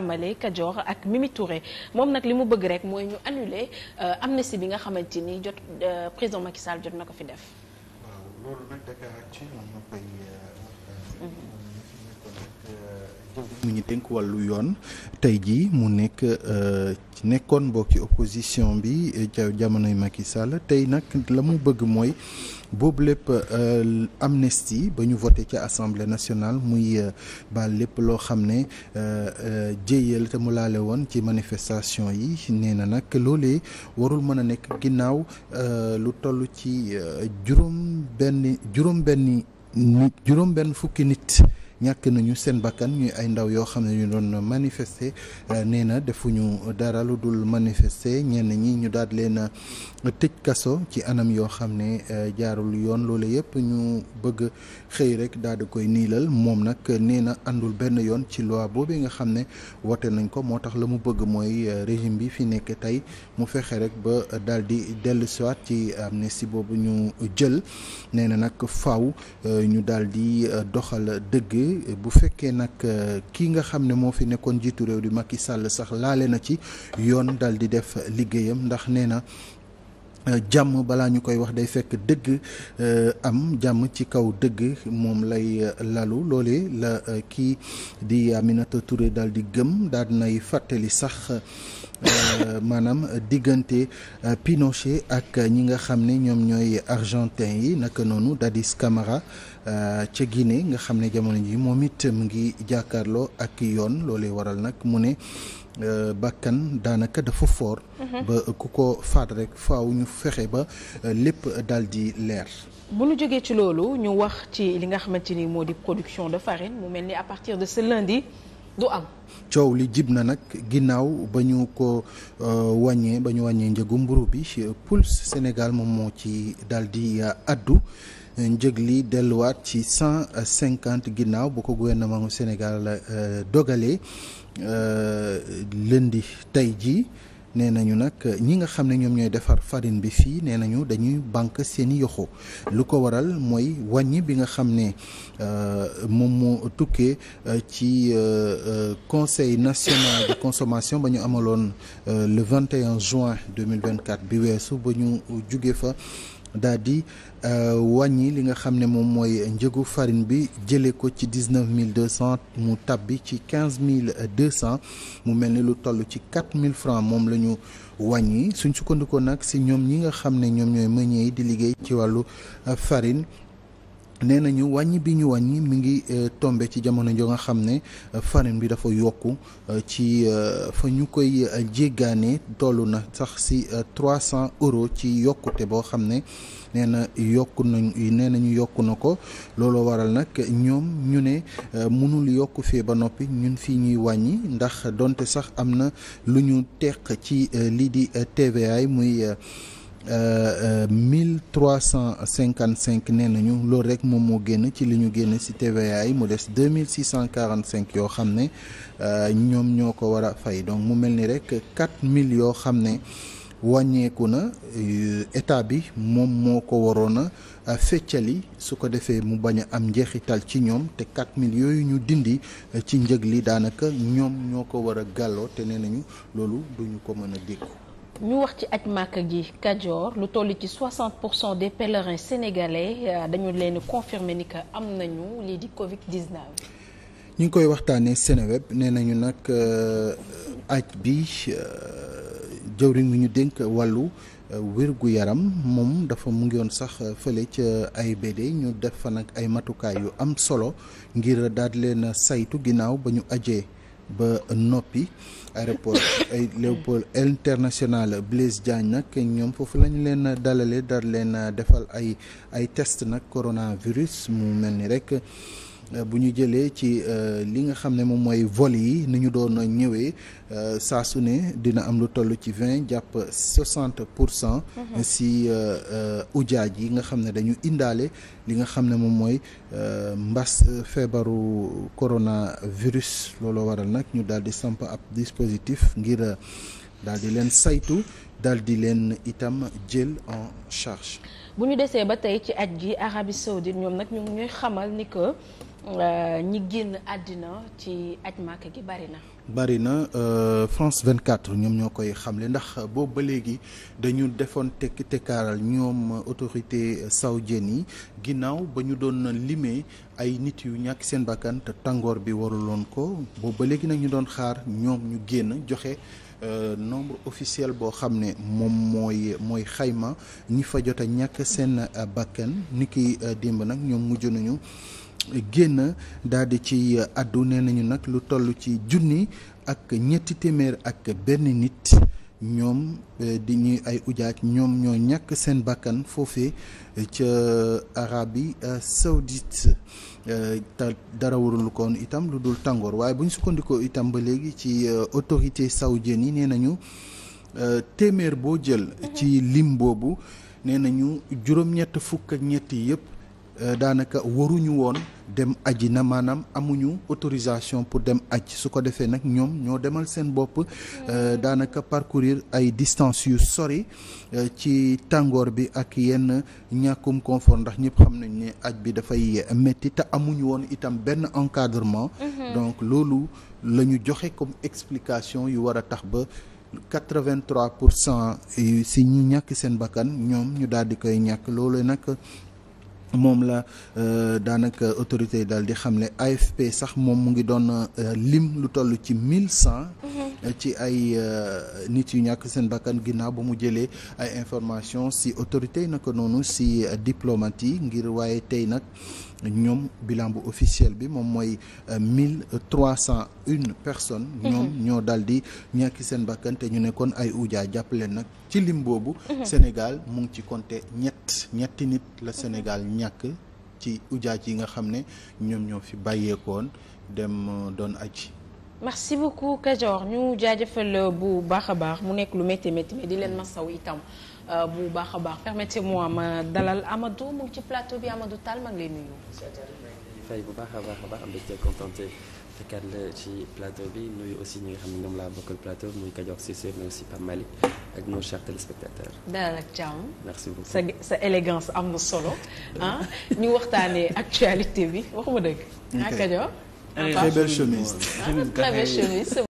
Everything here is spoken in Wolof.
tàmbalee Kajoor ak Mimi moom nag li mu bëgg rek mooy ñu annuler euh, si bi nga xamante ni jot euh, président Macky Sall jot na ko fi def. mu ñu dénk wàllu yoon tey jii mu nekk ci euh, nekkoon mbokk ci opposition bi euh, ca jamonoy Macky Sall tey nag la mu bëgg mooy boobu lépp euh, amnistie ba ñu voté ca assemblée nationale muy baal lépp loo xam ne jéyal te mu laale woon ci manifestation yi nee na nag loolee warul mën a nekk ginnaaw lu toll ci juróom benn juróom benni juróom benn fukki nit ñàkk nañu seen bakkan ñu ay ndaw yoo xam ne ñu doon manifester euh, nee na defuñu dara lu dul manifester ñenn ñi ñu daal leen a euh, tëj kaso ci anam yoo xam ne euh, jaarul yoon loolu yëpp ñu bëgg xëy rek daal di koy niilal moom nag nee na àndul benn yoon ci loi boobu nga xam ne woote nañ ko moo tax la mu bëgg mooy régime bi fi nekk tey mu fexe rek ba daal di dellu siwaat ne amnistie boobu ñu jël nee na nag faaw ñu daal di doxal dëgg. bu fekkee nag euh, kii nga xam ne moo fi nekkoon njiitu réew di yi Sall sax laale na ci yoon dal di def liggéeyam ndax nee na Euh, jàmm balaa ñu koy wax day fekk dëgg euh, am jàmm ci kaw dëgg moom lay euh, lalu loole la kii di Aminata Touré daal di gëm daal di nay fàttali sax maanaam diggante Pinochet ak ñi nga xam ne ñoom ñooy argentin yi naka noonu Dadis Camara ca Guinée nga xam ne jamono ji moom it mu ngi jàkkaarloo ak yoon loolee waral nag mu ne Euh, bakkan daanaka dafa fort. Mhm. ba ku ko faat rek faaw ñu fexe ba euh, lépp daal di leer. bu nu jógee ci loolu ñu wax ci li nga xamante ni moo di production de farine mu mel ni à partir de ce lundi. du am. coow li jib na nag ginnaaw ba ñu ko euh, wàññee ba ñu wàññee njëgu mburu bi Pulse Sénégal moom moo ci daal di euh, addu njëg li delluwaat ci cent cinquante ginnaaw bu ko gouvernement Sénégal euh, dogalee di tey jii. nee nañu nag ñi nga xam ne ñoom ñooy defar farine bi fii nee nañu dañuy banque seeni yoxo lu ko waral mooy wàññi bi nga xam ne euh, moom moo tukkee euh, ci euh, conseil national de consommation ba ñu amaloon le 21 juin 2024 bi weesu ba ñu jugee fa daa di euh, wàññi li nga xam ne moom mooy njëgu farine bi jëlee ko ci dix mille deux cent mu tabbi ci quinze mille deux cent mu mel ni lu toll ci quatre mille francs moom la ñu wàññi suñ sukkandiku nag si ñoom ñi nga xam ne ñoom ñooy meññee di liggéey ci wàllu euh, farine. nee nañu wàññi bi ñu wàññi mi ngi euh, tombe ci jamono jo nga xam ne euh, farine bi dafa yokk euh, ci fa ñu koy jéggaane tollu na sax si trois cent euros ci yokkute boo xam ne nee na yokku nañ nee nañu yokku na ko looloo waral nag ñoom ñu ne mënul yokk fee ba noppi ñun fii ñuy wàññi ndax donte sax am na lu ñu teq ci lii di TVA muy. Euh, euh, mille trois cent cinquante cinq nee nañu loolu rek moom moo génn ci li ñu génn ci TVA yi mu des deux mille six cent quarante cinq yoo xam ne euh, ñoom ñoo ko war a fay donc mu mel ni rek quatre mille yoo xam ne wàññeeku na état bi moom moo ko waroon a feccali su ko defee mu bañ a am njeexital ci ñoom te 4000 yooyu ñu dindi ci njëg li daanaka ñoom ñoo ko war a gàlloo te nee nañu loolu duñu ko mën a dékku ñu wax ci aj Màkka gi Kajoor lu toll ci 60 pour cent des pèlerins sénégalais euh, dañu leen confirmer ni que am nañu lii di Covid 19. ñu ngi koy waxtaanee Seneweb nee nañu nag euh, aj bi euh, jëwriñ mi ñu dénk wàllu wérgu yaram moom dafa mu ngi woon sax fële ca ay AIBD ñu def fa nag ay matukaay yu am solo ngir daal leen saytu ginnaaw ba ñu ajee. ba noppi aéroport ay Léopold international Blaise Diagne nag ñoom foofu la leen dalale dar leen defal ay ay test nag coronavirus mu mel ni rekk Euh, bu ñu jëlee ci euh, li nga xam ne moom mooy vol yi ni ñu doon ñëwee euh, saa su ne dina am lu toll ci vingt jàpp soixante pour cent. Mhm. si ujaaj yi nga xam ne dañu indaale li nga xam ne moom mooy mbas feebaru coronavirus looloo waral nag ñu daal di samp ab dispositif ngir daal di leen saytu daal di leen itam jël en charge. bu ñu desee ba tey ci aj gi Arabie Saoudite ñoom nag ñuy xamal ni que. Euh, ñi génn àddina ci aj màkk gi bari na. bari na euh, France 24 ñoom ñoo koy xamle ndax boobu ba léegi dañu defoon tekki tekkaaral ñoom autorité saoudienne yi ginnaaw ba ñu doon limee ay nit yu ñàkk seen bakkan te tàngoor bi waruloon ko boobu ba léegi nag ñu doon xaar ñoom ñu génn joxe. Euh, nombre officiel boo xam ne moom mooy xayma ñi fa jot a ñàkk seen bakkan nit ki euh, démb nag ñoom mujj nañu génn daadi ci addu nee nañu nag lu toll ci junni ak ñetti téeméer ak benn nit ñoom eh, di ñuy ay ujaaj ñoom ñoo ñàkk seen bakkan foofe eh, ca Arabie eh, Saoudite te dara warul koon itam lu dul tàngoor waaye buñ ñu sukkandikoo itam ba léegi ci autorité saoudienne yi nee nañu téeméer boo jël mhm. ci lim boobu nee nañu juróom-ñett fukk ak ñett yëpp Euh, daanaka waruñu woon dem aji na maanaam amuñu autorisation pour dem aji su ko defee nag ñoom ñoo demal seen bopp euh, daanaka parcourir ay distance yu sori euh, ci tàngoor bi ak yenn ñàkkum confort ndax ñëpp xam nañ ne aj bi dafay métti te amuñu woon itam benn encadrement mhm. donc loolu la ñu joxe comme explication yu war a tax ba 83 pour cent si ñi ñàkk seen bakkan ñoom ñu daal di koy ñàkk loolu nag moom la euh, daanaka autorité yi daal di xam ne AFP sax moom mu ngi doon euh, lim lu toll ci mille cent. Mhm. ci ay euh, nit yu ñàkk seen bakkan ginnaaw ba mu jëlee ay information si autorité yi naka noonu si diplomate yi ngir waaye tey nag. ñoom bilan bu bi moom mooy euh, mille trois cent une personnes mhm. ñoom ñoo daal di ñàkk seen bakkan te ñu nekkoon ay uujaa jàppaleen nag ci lim boobu mhm. Sénégal mu ngi ci compté ñett ñetti nit la Sénégal ñàkk ci ujaaj yi nga xam ne ñoom ñoo fi bàyyeekoon dem euh, doon aji merci beaucoup Kajoor ñu jaajëfal euh, bu baax a baax mu nekk lu métti métti mais di leen ma saw itam euh, bu baax a baax permettez-moi ma dalal Amadou mu ngi ci plateau bi Amadou Tall maa ngi lay nuyu. fay bu baax a baax a baax am mbégte contenté fekkaat ci plateau bi nuyu aussi ñi nga xam ne ñoom laa bokkal plateau muy Kajoor Cissé mais aussi Pape ak nos chers téléspectateurs. dalal ak jàmm. sa sa élégance am na solo ah ñu waxtaanee actualité bi waxuma dëgg. ah Kajoor. Très belle chemise. Très belle chemise.